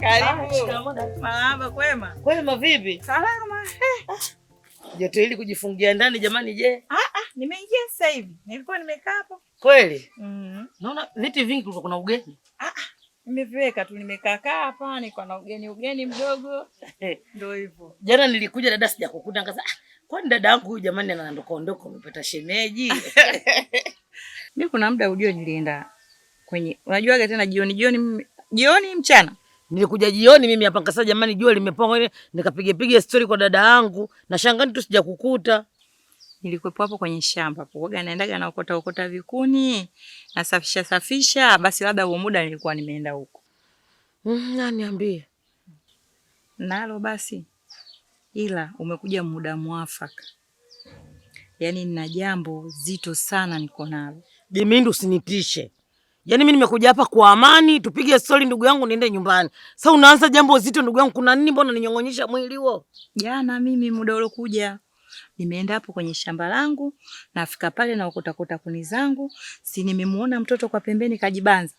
Karibu. Marahaba, kwema? Kwema, vipi? Salama. Ah. Joto hili kujifungia ndani jamani, je? Ah ah, nimeingia sasa hivi. Nilikuwa nimekaa hapo. Kweli? Mhm. Naona viti vingi kulikuwa kuna ugeni. Ah ah. Nimeviweka tu nimekaa kaa hapa ni kwa na ugeni ugeni mdogo. Eh. Ndio hivyo. Jana nilikuja dada, sijakukuta ngaza. Ah, kwani dada yangu huyu jamani anaondoka ondoka amepata shemeji. Mimi kuna muda ujio nilienda kwenye unajua ga tena jioni jioni jioni mchana nilikuja jioni mimi hapa nikasema, jamani jua limepoa, nikapiga piga story kwa dada yangu na shangani tu sija kukuta. Nilikuwepo hapo kwenye shamba hapo, waga naendaga na ukota ukota vikuni na safisha safisha, basi labda huo muda nilikuwa nimeenda huko. Mm, nani ambie nalo basi, ila umekuja muda mwafaka, yaani nina jambo zito sana niko nalo. Jimindu, usinitishe Yaani mimi nimekuja hapa kwa amani, tupige stori ndugu yangu, niende nyumbani. Sasa unaanza jambo zito ndugu yangu, kuna nini? Mbona ninyong'onyesha mwili huo? Jana mimi muda uliokuja nimeenda hapo kwenye shamba langu, nafika pale na ukutakuta kuni zangu, si nimemuona mtoto kwa pembeni kajibanza.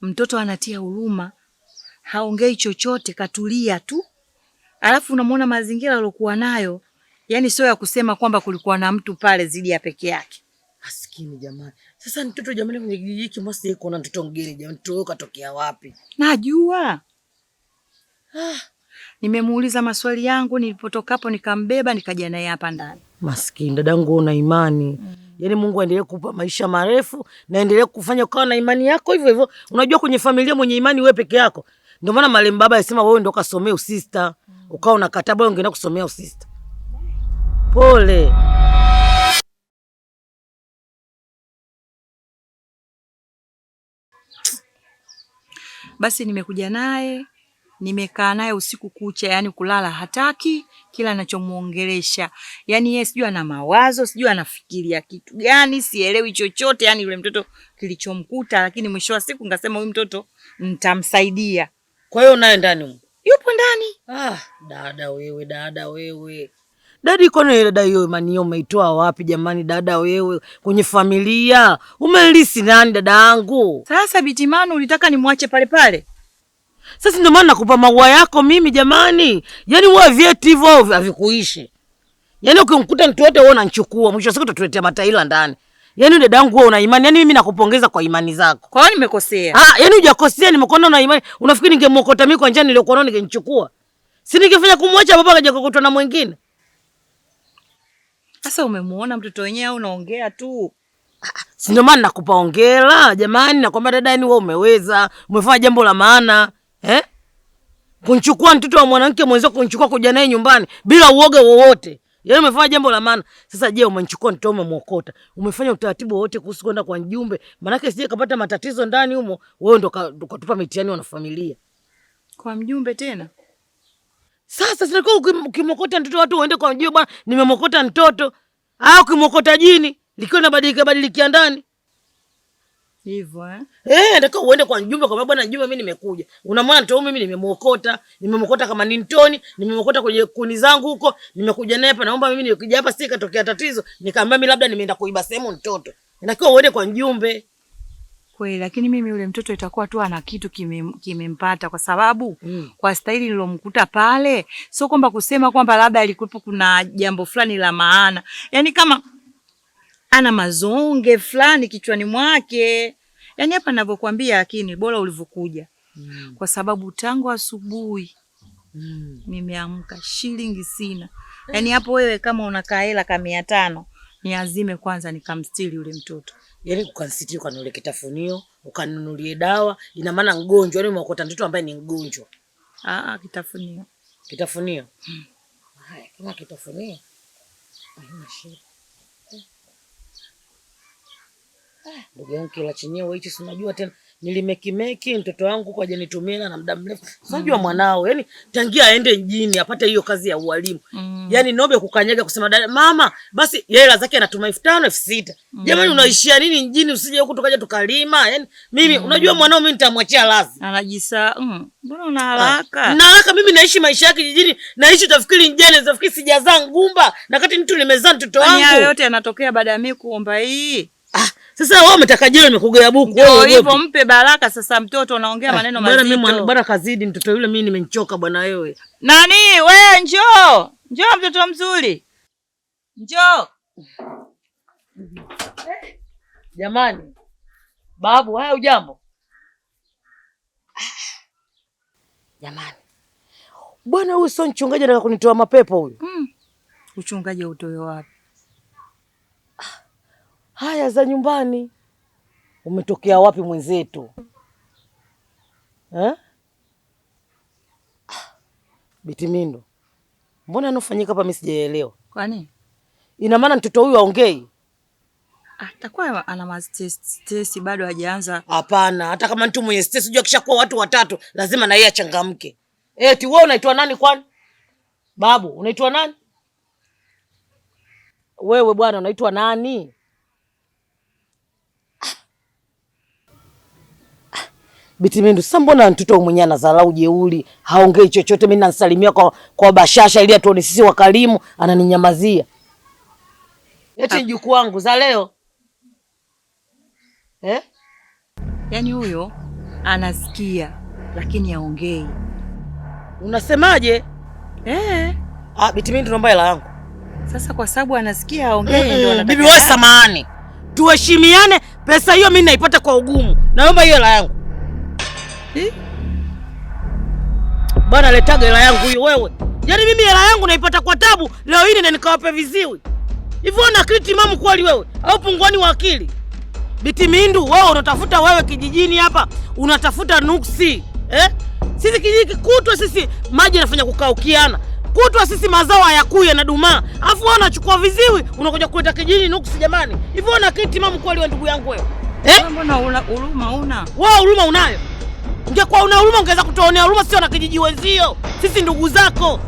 Mtoto anatia huruma, haongei chochote, katulia tu, alafu unamuona mazingira aliyokuwa nayo, yaani sio ya kusema kwamba kulikuwa na mtu pale zidi ya peke yake. Maskini jamani, sasa mtoto jamani, kwenye kijiji hiki mbona sijaona mtoto mgeni jamani? Mtoto wako katokea wapi? Najua. Ah, nimemuuliza maswali yangu nilipotoka hapo, nikambeba nikaja naye hapa ndani. Maskini dadangu, una imani mm. Yaani Mungu aendelee kupa maisha marefu na endelee kufanya ukawa na imani yako hivyo hivyo. Unajua kwenye familia mwenye imani wewe peke yako. Ndio maana Malem baba alisema wewe ndio kasomea usista. Mm. Ukawa unakataa, wewe ungeenda kusomea usista. Pole. Mm. Basi nimekuja naye nimekaa naye usiku kucha, yani kulala hataki. Kila anachomuongelesha yani yeye sijui ana mawazo sijui anafikiria kitu gani, sielewi chochote yani yule mtoto kilichomkuta. Lakini mwisho wa siku ngasema huyu mtoto nitamsaidia. Kwa hiyo naye ndani yupo ndani. Ah, dada wewe, dada wewe Dadi, kwani ile dai hiyo imani hiyo umeitoa wapi jamani? Dada wewe, kwenye familia umelisi nani dada yangu? Sasa Binti Manu, ulitaka nimwache pale pale? Sasa ndio maana nakupa maua yako mimi jamani. Yaani wewe vieti hivyo havikuishi. Yaani ukimkuta mtu wote wewe unanchukua mwisho siku utatuletea mataila ndani. Yaani dada yangu wewe una imani. Yaani mimi nakupongeza kwa imani zako. Kwa nini nimekosea. Ah, yaani hujakosea, nimekuona una imani. Unafikiri ningemwokota mimi kwa njia niliyokuona ningenichukua? Si ningefanya kumwacha baba akaja kukutana na mwingine? Sasa umemuona mtoto wenyewe au unaongea tu? Si ndio maana nakupa hongera jamani, nakwambia dada, yani wewe umeweza, umefanya jambo la maana eh? Kunchukua mtoto wa mwanamke mwenzio, kunchukua kuja naye nyumbani bila uoga wowote, yani umefanya jambo la maana. Sasa je, umemchukua mtoto, umemuokota, umefanya utaratibu wote kuhusu kwenda kwa mjumbe? yake sije kapata matatizo ndani humo, wewe ndo ukatupa mitihani wanafamilia kwa mjumbe tena sasa sinakuwa ukimokota mtoto watu uende kwa mjio, bwana, nimemokota mtoto au ukimokota jini likiwa nabadilika badilikia ndani hivyo eh, eh ndaka uende kwa mjumbe, kwa bwana Juma, mimi nimekuja. Unamwona mtu mimi nimemwokota, nimemwokota kama ni mtoni, nimemwokota kwenye kuni zangu huko, nimekuja naye hapa. Naomba mimi nikija hapa, si katokea tatizo, nikaambia mimi labda nimeenda kuiba sehemu mtoto. Inatakiwa uende kwa mjumbe kweli, lakini mimi yule mtoto itakuwa tu ana kitu kimempata kime, kwa sababu mm. kwa staili nilomkuta pale, sio kwamba kusema kwamba labda alikuwepo kuna jambo fulani la maana, yaani kama ana mazonge fulani kichwani mwake, yaani hapa ninavyokuambia, lakini bora ulivyokuja mm. kwa sababu tangu asubuhi mm. nimeamka shilingi sina, yaani hapo wewe kama unakaa hela kama mia tano niazime kwanza nikamstiri yule mtoto. Yaani ukamstiri ukanunulie kitafunio, ukanunulie dawa, ina maana mgonjwa, yaani umeokota mtoto ambaye ni mgonjwa. Ah, ah kitafunio. Kitafunio. Hmm. Haya, kama kitafunio. Haina shida. Eh. Eh, ndugu yangu kila chenyewe hicho si unajua tena nilimekimeki mtoto wangu kwa janitumia na muda mrefu mm. unajua mm. mwanao yani tangia aende mjini apate hiyo kazi ya ualimu mm. yani nobe kukanyaga kusema dada mama basi hela zake anatuma elfu tano elfu sita mm. jamani unaishia nini mjini usije huku tukaja tukalima yani mimi mm. unajua mwanao mimi nitamwachia lazi anajisa mm. mbona mm. una ah, haraka na haraka mimi naishi maisha yake jijini naishi tafikiri njene tafikiri sijazaa ngumba na kati mtu nimezaa mtoto wangu yote yanatokea baada ya mimi kuomba hii sasa wewe umetaka jelo nimekugea buku wewe. Hivyo mpe baraka sasa mtoto unaongea eh, maneno mazito. Bwana mimi bwana kazidi mtoto yule mimi nimechoka bwana wewe. Nani wewe njoo. Njoo mtoto mzuri. Njoo. Jamani. Babu haya ujambo. Jamani. Bwana huyu sio mchungaji anataka kunitoa mapepo huyu. Mm. Uchungaji utoe wapi? haya za nyumbani. Umetokea wapi mwenzetu ha? Eh? Ah, Bitimindo, mbona anofanyika hapa mimi sijaelewa. Kwani ina maana mtoto huyu aongei? Atakuwa ana stress bado hajaanza. Hapana, hata kama mtu mwenye stress unajua kishakuwa watu watatu lazima na yeye achangamke. Eh, eti wewe unaitwa nani kwani? Babu, unaitwa nani? Wewe bwana unaitwa nani? biti Bindu, sasa mbona mtoto mwenye anadharau jeuri, haongei chochote, mimi nasalimia kwa, kwa bashasha ili atuone sisi wakarimu, ananinyamazia. Eti ah. jukuu wangu za leo eh? Yani huyo anasikia lakini haongei. Unasemaje? Eh. Ah, Binti Bindu naomba hela yangu. Sasa kwa sababu anasikia haongei ndio Bibi wewe samahani. Tuheshimiane, pesa hiyo mimi naipata kwa ugumu. Naomba hiyo hela yangu. Hi? Bana letaga hela yangu hiyo wewe. Yaani mimi hela yangu naipata kwa tabu, leo hii ndio nikawape viziwi. Hivyo una akili timamu kweli wewe au pungwani wa akili? Biti Mindu, wewe unatafuta wewe kijijini hapa, unatafuta nuksi. Eh? Sisi kijiji kutwa sisi maji yanafanya kukaukiana. Kutwa sisi mazao hayakui yanadumaa. Alafu wewe unachukua viziwi, unakuja kuleta kijijini nuksi jamani. Hivyo una akili timamu kweli wewe ndugu yangu wewe. Eh? Mbona una huruma una? Wewe huruma unayo? Ungekuwa una huruma ungeweza kutuonea huruma, sio na kijiji wenzio. Sisi ndugu zako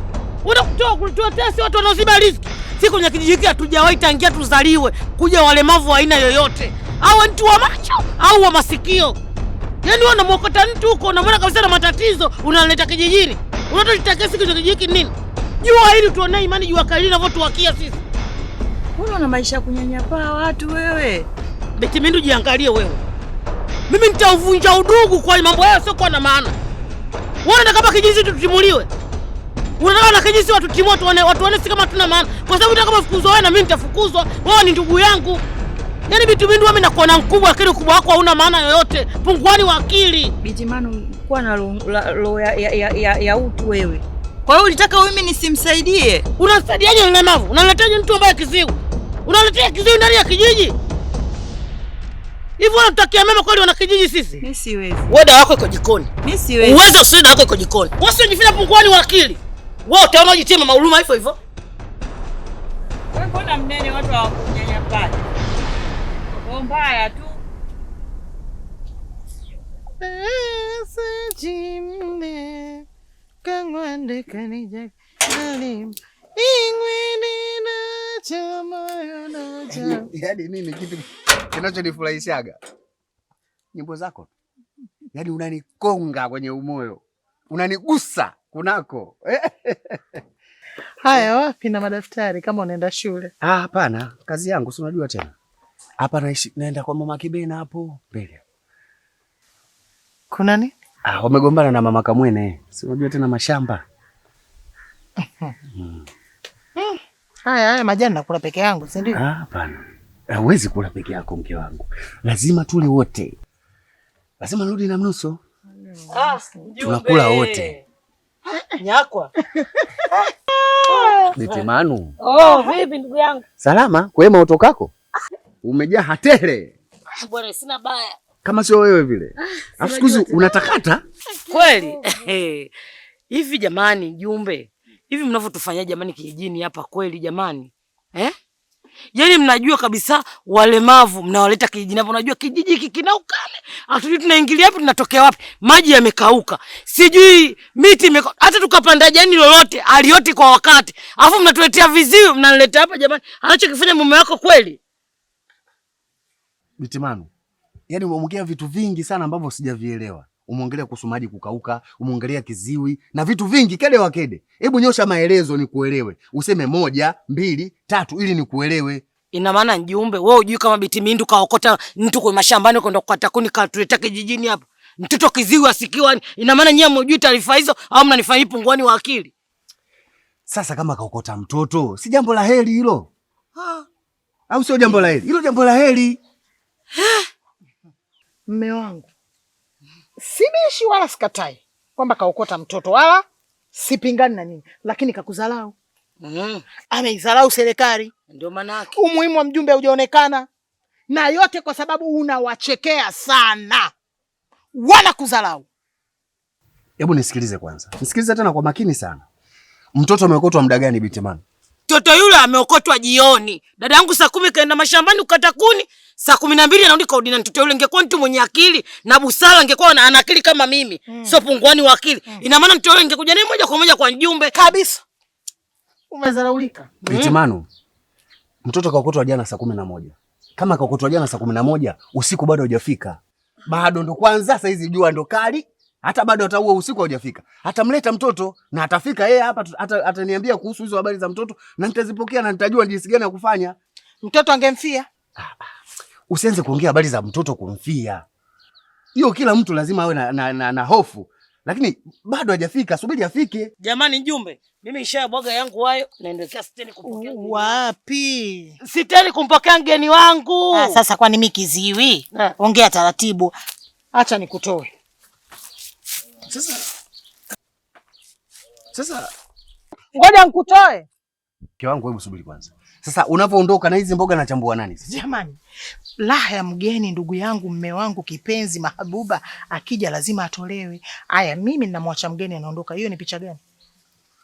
unakutoa kutuotea, si watu wanaoziba riziki. Si kwenye kijiji hiki hatujawahi tangia tuzaliwe kuja walemavu wa aina yoyote, au mtu wa macho au wa masikio. Yaani wewe unamwokota mtu huko, unamwona kabisa na matatizo, unaleta kijijini. Unatutakia siku za kijiji hiki nini? Jua hili tuone imani, jua kali linavyotuwakia sisi. Una maisha ya kunyanyapaa watu wewe. Beti, mimi ndio jiangalie wewe. Mimi nitavunja udugu kwa mambo yao sio kwa na maana. Wewe unataka kama kijiji tutimuliwe. Unataka na kijiji watu timu watu wane watu wane si kama tuna maana. Kwa sababu unataka kufukuzwa wewe na mimi nitafukuzwa. Wewe ni ndugu yangu. Yaani vitu vingi mimi nakuwa na mkubwa lakini ukubwa wako hauna maana yoyote. Punguani wa akili. Binti Manu kuwa na roho ya, ya, ya, ya ya utu wewe. Kwa hiyo unataka mimi nisimsaidie? Unasaidiaje mlemavu? Unaletaje mtu ambaye kiziwi? Unaletea kiziwi ndani ya kijiji? Hivi wewe unatutakia mema kweli wana kijiji sisi? Mimi siwezi. Wewe dawa yako iko jikoni. Mimi siwezi. Uwezo usio dawa yako iko jikoni. Wewe sio jificha punguani wa akili. Wewe utaona ujitima mahuruma hivyo hivyo. Wewe mbona mnene watu hawakunyanya pale? Kwa mbaya tu. Sijimne kangwande kanija. Ingwene Yaani nini kitu kinachonifurahishaga nyimbo zako, yaani unanikonga kwenye umoyo, unanigusa kunako haya. Wapi na madaftari kama unaenda shule? Ah, hapana, kazi yangu si unajua tena hapa naishi, naenda kwa mama Kibena hapo mbele. Kuna nini? Ah, wamegombana na mama Kamwene, si unajua tena mashamba hmm. Haya haya majani nakula peke yangu, si ndio? Hapana. Hawezi kula peke yako mke wangu. Lazima tule wote. Lazima nirudi na mnuso. Ah, tunakula wote. Eh, nyakwa. Niti Manu. Oh, vipi ndugu yangu? Salama, kwema utokako? Umejaa hatere. Ah, bwana sina baya. Kama sio wewe vile. Ah, Afukuzi unatakata? Kweli. Hivi jamani, Jumbe hivi mnavyotufanyia jamani kijijini hapa kweli jamani eh? Yaani mnajua kabisa walemavu mnawaleta kijijini hapo. Unajua kijiji hiki kina ukame, hatujui tunaingilia wapi, tunatokea wapi, maji yamekauka, sijui miti imeko, hata tukapanda jani lolote alioti kwa wakati, alafu mnatuletea viziwi, mnaleta hapa jamani. Anachokifanya mume wako kweli, Bitimanu. yaani umeongea vitu vingi sana ambavyo sijavielewa umeongelea kuhusu maji kukauka, umeongelea kiziwi na vitu vingi kede wa kede. Hebu nyosha maelezo nikuelewe, useme moja mbili tatu ili nikuelewe. Ina maana mjumbe, wewe hujui kama Biti Mindu kaokota mtu kwa mashambani kwenda kukata kuni katuleta kijijini hapa mtoto kiziwi asikiwa? Ina maana nyie hamjui taarifa hizo au mnanifanyia punguani wa akili? Sasa kama kaokota mtoto si jambo la heri hilo, au sio? Jambo la heri hilo, jambo la heri. Mme wangu Sibishi wala sikatai kwamba kaokota mtoto wala sipingani na nini, lakini kakuzalau. Mm. Ameizalau serikali, ndio manake umuhimu wa mjumbe hujaonekana, na yote kwa sababu unawachekea sana, wala kuzalau. Hebu nisikilize kwanza, nisikilize tena kwa makini sana. Mtoto ameokotwa muda gani, Binti Toto yule ameokotwa jioni. Dada yangu saa kumi kaenda mashambani kukata kuni, saa kumi na mbili anarudi kaudi na mtoto yule. Ingekuwa mtu mwenye akili na busara, angekuwa ana akili kama mimi, mm. sio punguani wa akili mm. Ina maana mtoto yule ingekuja naye moja kwa moja kwa mjumbe kabisa. Umezaraulika Mitimano. Mm. Mtoto kaokotwa jana saa kumi na moja. Kama kaokotwa jana saa kumi na moja usiku bado hujafika, bado ndo kwanza saa hizi jua ndo kali hata bado hata huo usiku haujafika, atamleta mtoto na atafika yeye hapa, ataniambia kuhusu hizo habari za mtoto na nitazipokea na nitajua jinsi gani ya kufanya. Mtoto angemfia. Ah, ah. Usianze kuongea habari za mtoto kumfia, hiyo kila mtu lazima awe na, na, na, na hofu, lakini bado hajafika, subiri afike. Jamani Jumbe, mimi nishabwaga yangu wayo, naendelea siteni kumpokea. Wapi? Siteni kumpokea mgeni wangu. Ah, sasa kwani mimi kiziwi? Eh. Ongea taratibu, acha nikutoe sasa sasa, ngoja nikutoe. Mke wangu, hebu subiri kwanza. Sasa unapoondoka na hizi mboga nachambua nani sasa? Jamani, raha ya mgeni, ndugu yangu, mme wangu kipenzi, mahabuba, akija lazima atolewe. Aya, mimi ninamwacha mgeni anaondoka, hiyo ni picha gani?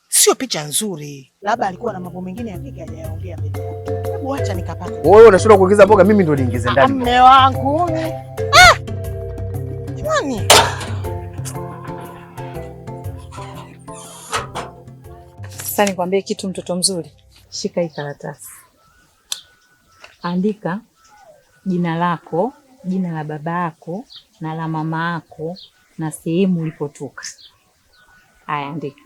Sio picha nzuri, labda alikuwa na mambo mengine yake hajaongea mbele yako. Hebu acha nikapata. Wewe unashindwa kuingiza mboga, mimi ndio niingize ah, ndani. Mme wangu. Ah! Jamani. Sasa nikwambie kitu, mtoto mzuri, shika hii karatasi, andika jina lako, jina la baba yako na la mama yako na sehemu ulipotoka. Haya, andika.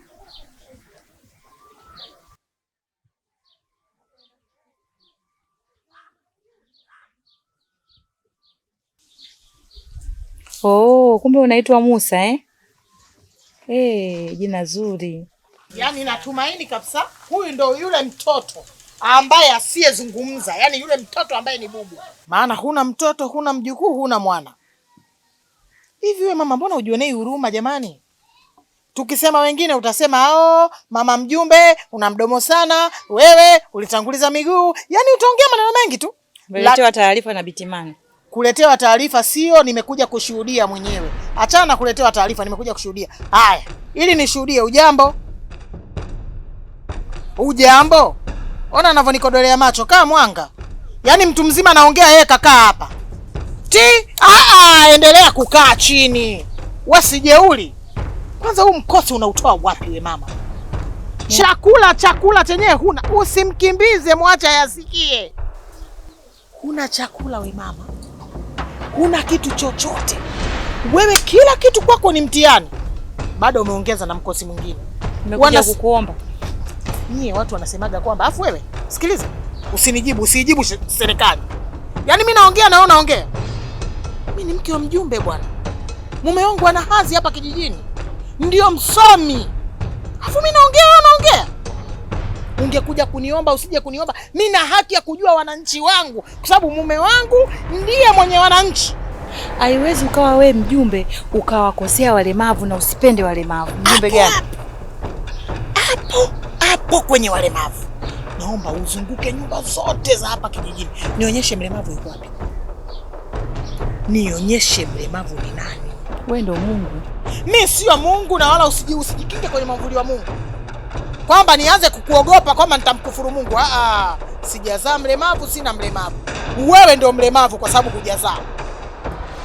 Oh, kumbe unaitwa Musa eh? Hey, eh, jina zuri. Yaani natumaini kabisa huyu ndo yule mtoto ambaye asiyezungumza, yaani yule mtoto ambaye ni bubu. Maana huna mtoto, huna mjukuu, huna mwana. Hivi wewe mama, mbona ujionei huruma jamani? Tukisema wengine utasema ao, mama mjumbe, una mdomo sana wewe, ulitanguliza miguu. Yaani utaongea maneno mengi tu. Kuletewa taarifa na Bitimani. Kuletewa taarifa sio, nimekuja kushuhudia mwenyewe. Achana na kuletewa taarifa, nimekuja kushuhudia. Haya, ili nishuhudie ujambo Ujambo? Ona anavyonikodolea macho kaa mwanga, yaani mtu mzima anaongea, yeye kakaa hapa ti. Aa, endelea kukaa chini, wasijeuli kwanza. Huu mkosi unautoa wapi we mama? Mm. Chakula chakula chenyewe huna, usimkimbize, mwacha yasikie. Huna chakula we mama, huna kitu chochote wewe, kila kitu kwako ni mtihani. Bado umeongeza na mkosi mwingine. Nimekuja kukuomba nyie watu wanasemaga kwamba, afu wewe sikiliza, usinijibu, usijibu serikali. Yaani mimi naongea na wewe unaongea. Mimi ni mke wa mjumbe bwana, mume wangu ana hadhi hapa kijijini, ndio msomi, afu mimi naongea wewe unaongea. Ungekuja kuniomba usije kuniomba, mimi na haki ya kujua wananchi wangu, kwa sababu mume wangu ndiye mwenye wananchi. Haiwezi ukawa we mjumbe ukawakosea walemavu na usipende walemavu. Mjumbe gani? huko wenye walemavu. Naomba uzunguke nyumba zote za hapa kijijini, nionyeshe mlemavu yuko wapi, nionyeshe mlemavu ni nani. Wewe ndio Mungu, mi sio Mungu, na wala usiji usijikinge kwenye mavuli wa Mungu kwamba nianze kukuogopa kwamba nitamkufuru Mungu. Ah, ah, sijazaa mlemavu, sina mlemavu. Wewe ndio mlemavu kwa sababu hujazaa,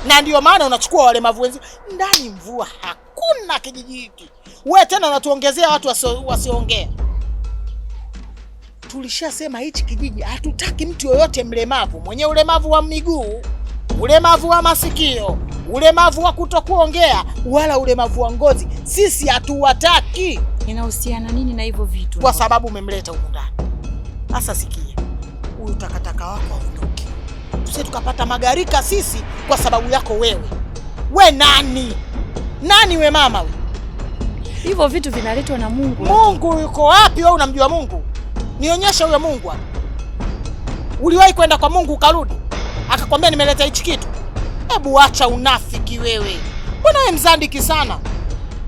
na ndio maana unachukua walemavu wenzio ndani. Mvua hakuna kijiji hiki. Wewe tena unatuongezea watu wasioongea wasio tulishasema hichi kijiji hatutaki mtu yoyote mlemavu, mwenye ulemavu wa miguu, ulemavu wa masikio, ulemavu wa kutokuongea, wala ulemavu wa ngozi. Sisi hatuwataki. Inahusiana nini na hivyo vitu? Kwa sababu umemleta huko ndani. Sasa sikia, huyu takataka wako aondoke, tusije tukapata magarika sisi kwa sababu yako wewe. We nani nani? We mama, we hivyo vitu vinaletwa na Mungu. Mungu yuko wapi? Wewe unamjua Mungu? nionyeshe huyo Mungu hapo. Uliwahi kwenda kwa Mungu ukarudi akakwambia nimeleta hichi kitu? Hebu acha unafiki wewe, mbona wewe mzandiki sana?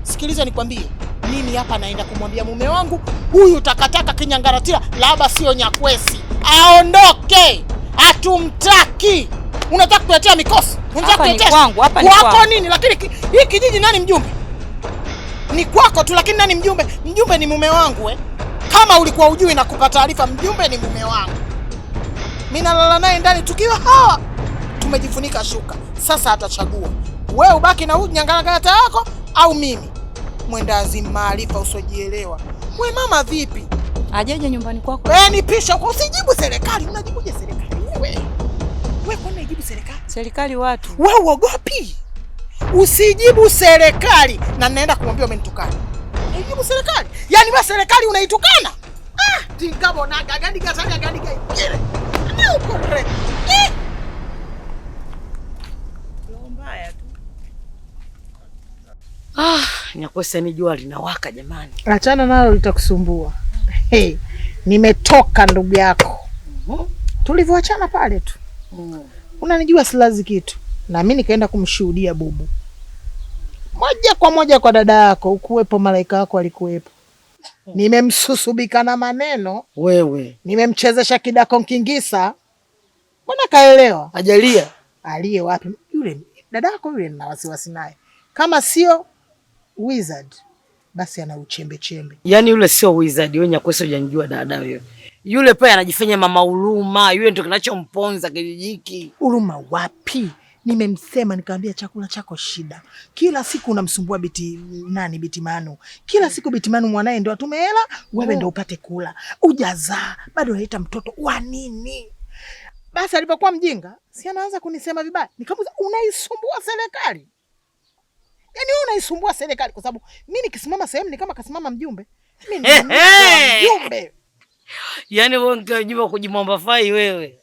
Sikiliza nikwambie, mimi hapa naenda kumwambia mume wangu huyu takataka kinyangaratia labda sio nyakwesi, aondoke, hatumtaki. Unataka kutuletea mikosi, unataka kutuletea kwangu hapa ni kwako nini? Lakini hii kijiji nani mjumbe? Ni kwako tu, lakini nani mjumbe? Mjumbe ni mume wangu eh. Kama ulikuwa ujui na kupa taarifa, mjumbe ni mume wangu, mimi nalala naye ndani tukiwa hawa tumejifunika shuka. Sasa atachagua wewe ubaki na huyu unyangalagata yako au mimi. Mwendazi maarifa usiojielewa. We mama, vipi? Ajeje nyumbani kwako? Wewe nipisha kwa usijibu serikali. Unajibuje serikali wewe? Wewe kwa nini jibu serikali? Serikali watu. Wewe uogopi? Usijibu serikali na naenda kumwambia umenitukana unaijibu serikali? Yaani wewe serikali unaitukana? Ah, tingabonaga gandiga tani gandiga kile. Eh! Ah, uko mrefu. Ah, nyakosa ni jua linawaka jamani. Achana nalo litakusumbua. Hey, nimetoka ndugu yako. Mm -hmm. Tulivyoachana pale tu. Mm. Unanijua silazi kitu. Na mimi nikaenda kumshuhudia bubu moja kwa moja kwa dada yako, ukuwepo malaika wako alikuwepo. Nimemsusubika na maneno wewe, nimemchezesha kidako nkingisa, mbona kaelewa? Ajalia aliye wapi? Yule dada yako yule, nina wasiwasi naye, kama sio wizard basi ana uchembe chembe. Yani yule sio wizard, wewe nyakwesa, hujanijua dada wewe. Yule pale anajifanya mama huruma, yule ndio kinachomponza kijiji hiki. Huruma wapi? Nimemsema nikamwambia chakula chako shida, kila siku unamsumbua biti nani, biti Manu, kila siku biti Manu mwanae ndo atume hela, wewe ndo oh. upate kula, ujazaa bado unaita mtoto wa nini? Basi alipokuwa mjinga, si anaanza kunisema vibaya, nikamuza unaisumbua serikali yani, wewe unaisumbua serikali kwa sababu mimi nikisimama sehemu ni kama kasimama mjumbe. Mimi ni mjumbe. Yaani wewe mke wa mjumba kujimwamba fai wewe.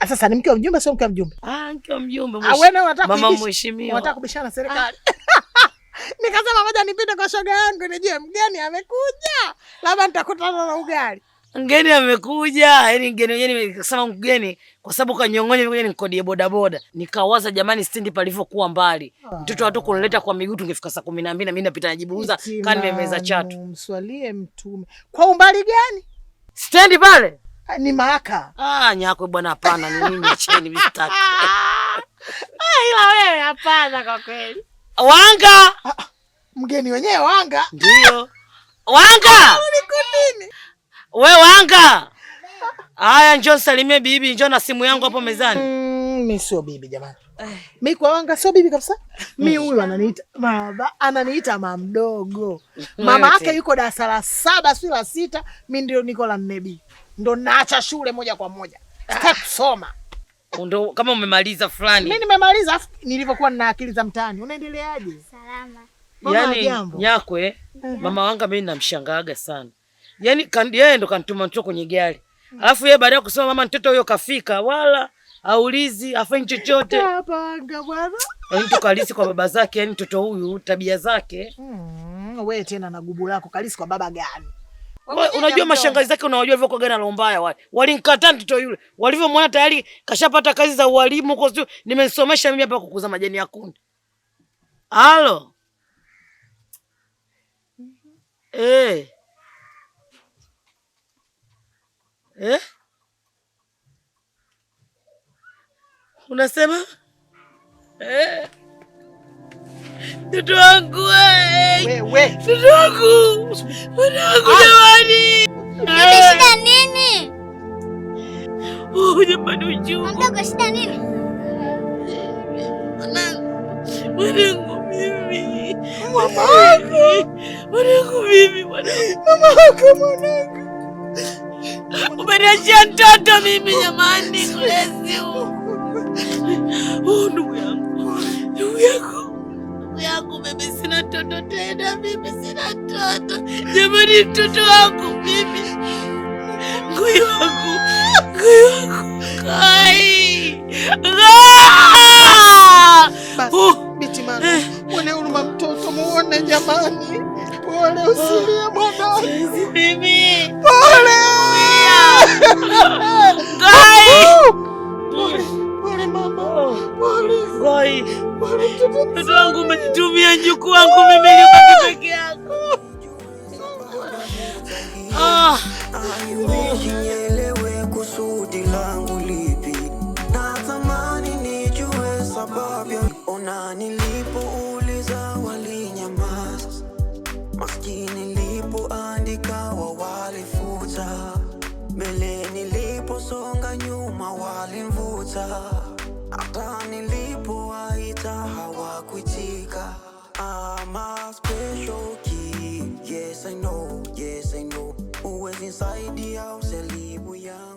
Ah, sasa ni mke wa mjumba sio mke wa mjumba. Ah, mke wa mjumba. Ah, wewe unataka kuishi. mama mheshimiwa. Unataka kubishana serikali. Ah. Nikasema moja nipite kwa shoga yangu nijue mgeni amekuja. Labda nitakutana na ugali. Mgeni amekuja, yaani mgeni wenyewe nikasema mgeni kwa sababu kanyongonya nimekuja nikodie boda boda. Nikawaza jamani stendi palivyokuwa mbali. Ah. Mtoto watu kunileta kwa miguu tungefika saa 12 na mimi napita najibuuza kani nimemeza chatu. Mswalie mtume. Kwa umbali gani? Stendi pale ah, ni Maaka. Ah, nyakwe bwana, hapana, ni mimi acheni mistaki. Ah, ila wewe hapana, kwa kweli. Wanga ah, mgeni wenyewe Wanga ndio Wanga we Wanga. Haya, njoo salimie bibi, njoo na simu yangu hapo mezani. Mimi mm, sio bibi jamani. Mi kwa wanga sio bibi kabisa. Mi mm. huyu ananiita baba, ananiita mama mdogo. Mama yake yuko darasa la saba si la sita, mi ndio niko la nne bi Ndo naacha shule moja kwa moja. Sitaki ah. kusoma. Ndo kama umemaliza fulani. Mimi nimemaliza afu nilivyokuwa nina akili za mtaani. Unaendeleaje? Salama. Yaani nyakwe eh. mama wanga mimi namshangaaga sana. Yaani yeye ndo kanituma mtoto kwenye gari. Alafu yeye baada ya kusema mama mtoto huyo kafika wala aulizi afanyi chochote yaani kalisi kwa baba zake, yani mtoto huyu tabia zake. Mm, we tena na gubu lako kalisi kwa baba gani? Unajua mashangazi zake, unawajua hivyo kwa gani mbaya wale. Walimkataa mtoto yule. Walivyomwona tayari kashapata kazi za ualimu kwa sababu nimesomesha mimi hapa kukuza majani ya kunde. Halo. Eh. Eh? Unasema eh? Mtoto wangu wewe, eh. mtoto wangu, mtoto wangu ah. jamani, eh. shida nini? Oh jamani, uchungu mdogo, shida nini? Mwanangu mimi, mama mwanangu, mwanangu mimi, mama mwanangu, mwanangu, umeniachia mtoto mimi jamani, kulezi huu Oh, ndugu yangu, ndugu yangu, ndugu yangu, mimi sina toto tena, mimi sina mtoto jamani, mtoto wangu mimi, ngui wangu, ngui wangu Kai. Oh. mwone huruma mtoto, muone jamani, pole, usilie mwanangu, pole mama, oh. polisi. Mtoto wangu umenitumia, mjukuu wangu mimi peke yangu. Ah. Ah. Nielewe kusudi langu lipi, natamani nijue sababu. Ona nilipouliza walinyamaza, maskini nilipoandika wawalifuta, mbele niliposonga nyuma walimvuta hawakuitika. I'm a special kid. Yes I know, yes I know. Uwezi nisaidia uselibu ya